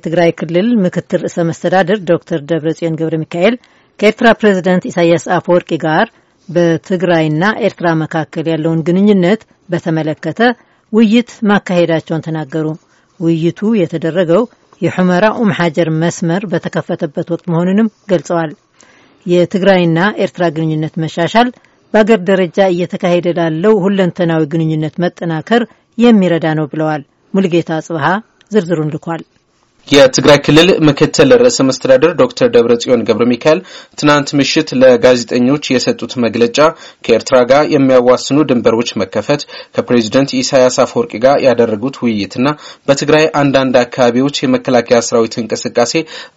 የትግራይ ክልል ምክትል ርዕሰ መስተዳድር ዶክተር ደብረጽዮን ገብረ ሚካኤል ከኤርትራ ፕሬዚደንት ኢሳያስ አፈወርቂ ጋር በትግራይና ኤርትራ መካከል ያለውን ግንኙነት በተመለከተ ውይይት ማካሄዳቸውን ተናገሩ። ውይይቱ የተደረገው የሑመራ ኡም ሓጀር መስመር በተከፈተበት ወቅት መሆኑንም ገልጸዋል። የትግራይና ኤርትራ ግንኙነት መሻሻል በአገር ደረጃ እየተካሄደ ላለው ሁለንተናዊ ግንኙነት መጠናከር የሚረዳ ነው ብለዋል። ሙልጌታ ጽብሃ ዝርዝሩን ልኳል። የትግራይ ክልል ምክትል ርዕሰ መስተዳደር ዶክተር ደብረጽዮን ገብረ ሚካኤል ትናንት ምሽት ለጋዜጠኞች የሰጡት መግለጫ ከኤርትራ ጋር የሚያዋስኑ ድንበሮች መከፈት ከፕሬዚደንት ኢሳያስ አፈወርቂ ጋር ያደረጉት ውይይትና በትግራይ አንዳንድ አካባቢዎች የመከላከያ ሰራዊት እንቅስቃሴ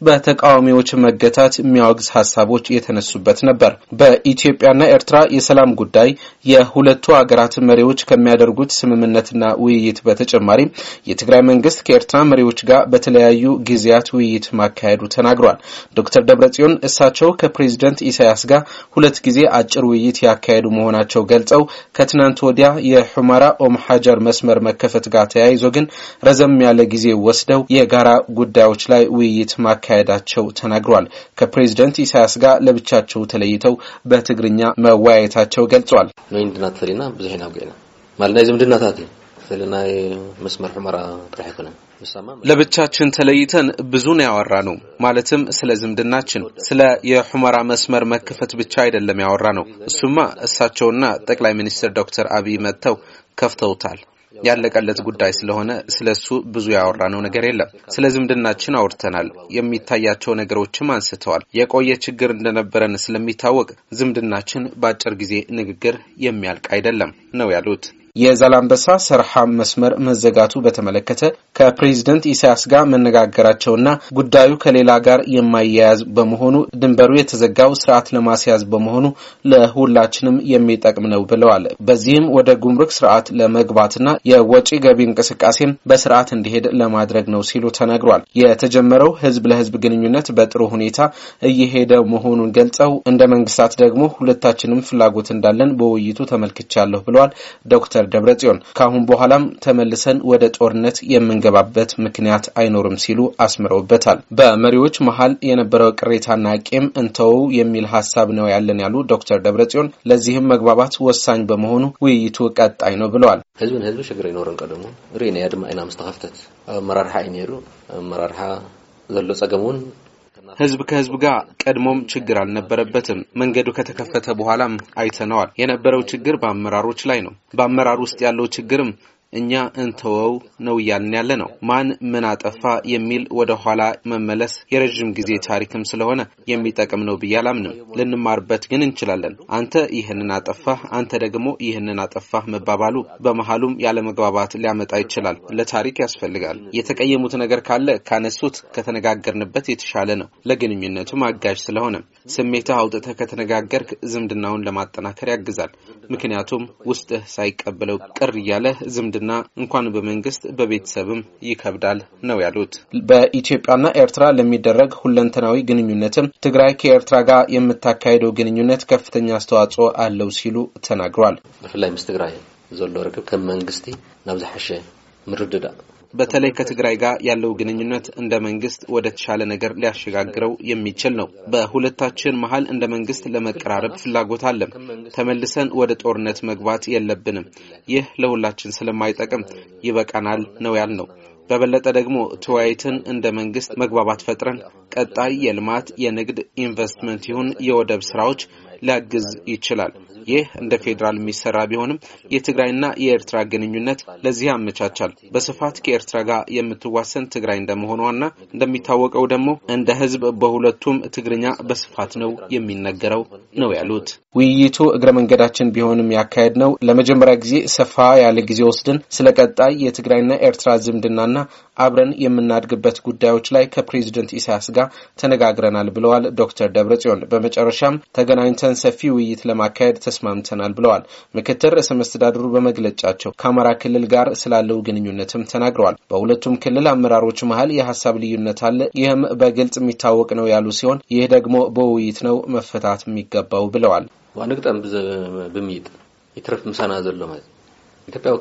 በተቃዋሚዎች መገታት የሚያወግዝ ሀሳቦች የተነሱበት ነበር። በኢትዮጵያና ኤርትራ የሰላም ጉዳይ የሁለቱ ሀገራት መሪዎች ከሚያደርጉት ስምምነትና ውይይት በተጨማሪም የትግራይ መንግስት ከኤርትራ መሪዎች ጋር በተለያዩ በተለያዩ ጊዜያት ውይይት ማካሄዱ ተናግሯል። ዶክተር ደብረጽዮን እሳቸው ከፕሬዚደንት ኢሳያስ ጋር ሁለት ጊዜ አጭር ውይይት ያካሄዱ መሆናቸው ገልጸው ከትናንት ወዲያ የሑመራ ኦም ሀጀር መስመር መከፈት ጋር ተያይዞ ግን ረዘም ያለ ጊዜ ወስደው የጋራ ጉዳዮች ላይ ውይይት ማካሄዳቸው ተናግሯል። ከፕሬዚደንት ኢሳያስ ጋር ለብቻቸው ተለይተው በትግርኛ መወያየታቸው ገልጿል። ለብቻችን ተለይተን ብዙ ነው ያወራ ነው። ማለትም ስለ ዝምድናችን፣ ስለ የሑመራ መስመር መከፈት ብቻ አይደለም ያወራ ነው። እሱማ እሳቸውና ጠቅላይ ሚኒስትር ዶክተር አብይ መጥተው ከፍተውታል። ያለቀለት ጉዳይ ስለሆነ ስለ እሱ ብዙ ነው ነገር የለም። ስለ ዝምድናችን አውርተናል። የሚታያቸው ነገሮችም አንስተዋል። የቆየ ችግር እንደነበረን ስለሚታወቅ ዝምድናችን በአጭር ጊዜ ንግግር የሚያልቅ አይደለም ነው ያሉት። የዛላምበሳ ሰርሃም መስመር መዘጋቱ በተመለከተ ከፕሬዚደንት ኢሳያስ ጋር መነጋገራቸውና ጉዳዩ ከሌላ ጋር የማያያዝ በመሆኑ ድንበሩ የተዘጋው ስርዓት ለማስያዝ በመሆኑ ለሁላችንም የሚጠቅም ነው ብለዋል። በዚህም ወደ ጉምሩክ ስርዓት ለመግባትና የወጪ ገቢ እንቅስቃሴም በስርዓት እንዲሄድ ለማድረግ ነው ሲሉ ተነግሯል። የተጀመረው ህዝብ ለህዝብ ግንኙነት በጥሩ ሁኔታ እየሄደ መሆኑን ገልጸው እንደ መንግስታት ደግሞ ሁለታችንም ፍላጎት እንዳለን በውይይቱ ተመልክቻለሁ ብለዋል ዶክተር ዶክተር ደብረጽዮን ከአሁን በኋላም ተመልሰን ወደ ጦርነት የምንገባበት ምክንያት አይኖርም ሲሉ አስምረውበታል። በመሪዎች መሀል የነበረው ቅሬታና ቂም እንተው የሚል ሀሳብ ነው ያለን ያሉ ዶክተር ደብረጽዮን ለዚህም መግባባት ወሳኝ በመሆኑ ውይይቱ ቀጣይ ነው ብለዋል። ህዝብን ህዝብ ችግር ይኖረን ቀደሞ ርኢናያ ድማ ኢና ምስተኸፍተት አብ አመራርሓ ዘሎ ጸገም እውን ህዝብ ከህዝብ ጋር ቀድሞም ችግር አልነበረበትም። መንገዱ ከተከፈተ በኋላም አይተነዋል። የነበረው ችግር በአመራሮች ላይ ነው። በአመራር ውስጥ ያለው ችግርም እኛ እንተወው ነው እያልን ያለ ነው። ማን ምን አጠፋ የሚል ወደ ኋላ መመለስ የረዥም ጊዜ ታሪክም ስለሆነ የሚጠቅም ነው ብዬ አላምንም። ልንማርበት ግን እንችላለን። አንተ ይህንን አጠፋህ፣ አንተ ደግሞ ይህንን አጠፋህ መባባሉ በመሀሉም ያለመግባባት ሊያመጣ ይችላል። ለታሪክ ያስፈልጋል። የተቀየሙት ነገር ካለ ካነሱት ከተነጋገርንበት የተሻለ ነው። ለግንኙነቱም አጋዥ ስለሆነ ስሜትህ አውጥተህ ከተነጋገርክ ዝምድናውን ለማጠናከር ያግዛል። ምክንያቱም ውስጥህ ሳይቀበለው ቅር እያለህ ዝምድ በግልና እንኳን በመንግስት በቤተሰብም ይከብዳል ነው ያሉት። በኢትዮጵያና ኤርትራ ለሚደረግ ሁለንተናዊ ግንኙነትም ትግራይ ከኤርትራ ጋር የምታካሄደው ግንኙነት ከፍተኛ አስተዋጽኦ አለው ሲሉ ተናግሯል። ብፍላይ ምስ ትግራይ ዘሎ ርክብ ከም መንግስቲ ናብ ዝሓሸ ምርድዳእ በተለይ ከትግራይ ጋር ያለው ግንኙነት እንደ መንግስት ወደ ተሻለ ነገር ሊያሸጋግረው የሚችል ነው። በሁለታችን መሀል እንደ መንግስት ለመቀራረብ ፍላጎት አለም። ተመልሰን ወደ ጦርነት መግባት የለብንም። ይህ ለሁላችን ስለማይጠቅም ይበቃናል ነው ያልነው። በበለጠ ደግሞ ተወያይተን እንደ መንግስት መግባባት ፈጥረን ቀጣይ የልማት የንግድ ኢንቨስትመንት ይሁን የወደብ ስራዎች ሊያግዝ ይችላል። ይህ እንደ ፌዴራል የሚሰራ ቢሆንም የትግራይና የኤርትራ ግንኙነት ለዚህ ያመቻቻል። በስፋት ከኤርትራ ጋር የምትዋሰን ትግራይ እንደመሆኗና እንደሚታወቀው ደግሞ እንደ ህዝብ በሁለቱም ትግርኛ በስፋት ነው የሚነገረው ነው ያሉት። ውይይቱ እግረ መንገዳችን ቢሆንም ያካሄድ ነው ለመጀመሪያ ጊዜ ሰፋ ያለ ጊዜ ወስድን ስለ ቀጣይ የትግራይና ኤርትራ ዝምድናና አብረን የምናድግበት ጉዳዮች ላይ ከፕሬዚደንት ኢሳያስ ጋር ተነጋግረናል ብለዋል ዶክተር ደብረጽዮን። በመጨረሻም ተገናኝተን ሰፊ ውይይት ለማካሄድ ተስማምተናል ብለዋል። ምክትል ርዕሰ መስተዳድሩ በመግለጫቸው ከአማራ ክልል ጋር ስላለው ግንኙነትም ተናግረዋል። በሁለቱም ክልል አመራሮች መሀል የሀሳብ ልዩነት አለ። ይህም በግልጽ የሚታወቅ ነው ያሉ ሲሆን ይህ ደግሞ በውይይት ነው መፈታት የሚገባው ብለዋል። ዋንግጠም ብሚይጥ የትረፍ ምሳና ዘሎ ማለት ኢትዮጵያ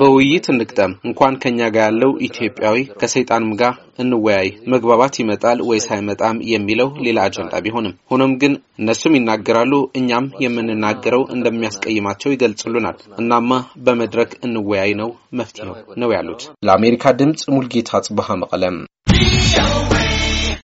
በውይይት እንክጠም እንኳን ከኛ ጋር ያለው ኢትዮጵያዊ ከሰይጣንም ጋር እንወያይ። መግባባት ይመጣል ወይስ አይመጣም የሚለው ሌላ አጀንዳ ቢሆንም፣ ሆኖም ግን እነሱም ይናገራሉ፣ እኛም የምንናገረው እንደሚያስቀይማቸው ይገልጽሉናል። እናማ በመድረክ እንወያይ ነው መፍትሄው ነው ያሉት። ለአሜሪካ ድምፅ ሙልጌታ ጽብሃ መቀለም